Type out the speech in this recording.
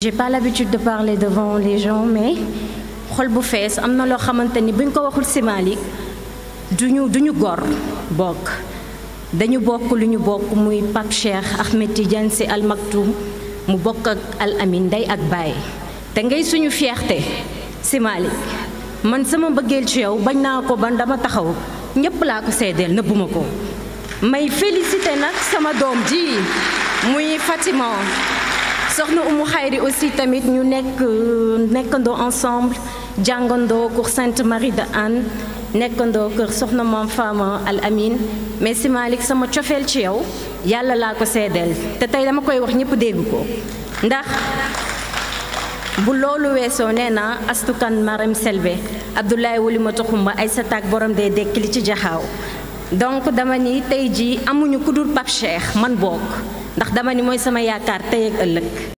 j'ai pas l'habitude de parler devant les gens mais xol bu fess amna lo xamanteni buñ ko waxul si malik duñu duñu gor bok, dañu bok luñu bok muy Pape Cheikh Ahmed Tidiane Al Maktoum mu bok ak Al Amin, Day ak baye te ngay suñu fierté si malik man sama ci yow bañ na ko ban dama taxaw ñepp la ko Je ko may féliciter sama Fatima soxna Oumou Khayri aussi tamit ñu nek nekando ensemble jangando cour Sainte Marie de Anne nekando kër soxna mom Fama Al Amin merci malik sama cofeel ci yow yàlla la ko sédel te tay dama koy wax ñëpp dégg ko ndax bu loolu wesso nee astukan maram Selbe Abdoulaye wulima ma ay sa taak borom de dekk li ci jaxaw donc dama ni tey jii amuñu ku dul Pape man bokk ndax dama ni mooy sama yaakaar tey ak ëllëg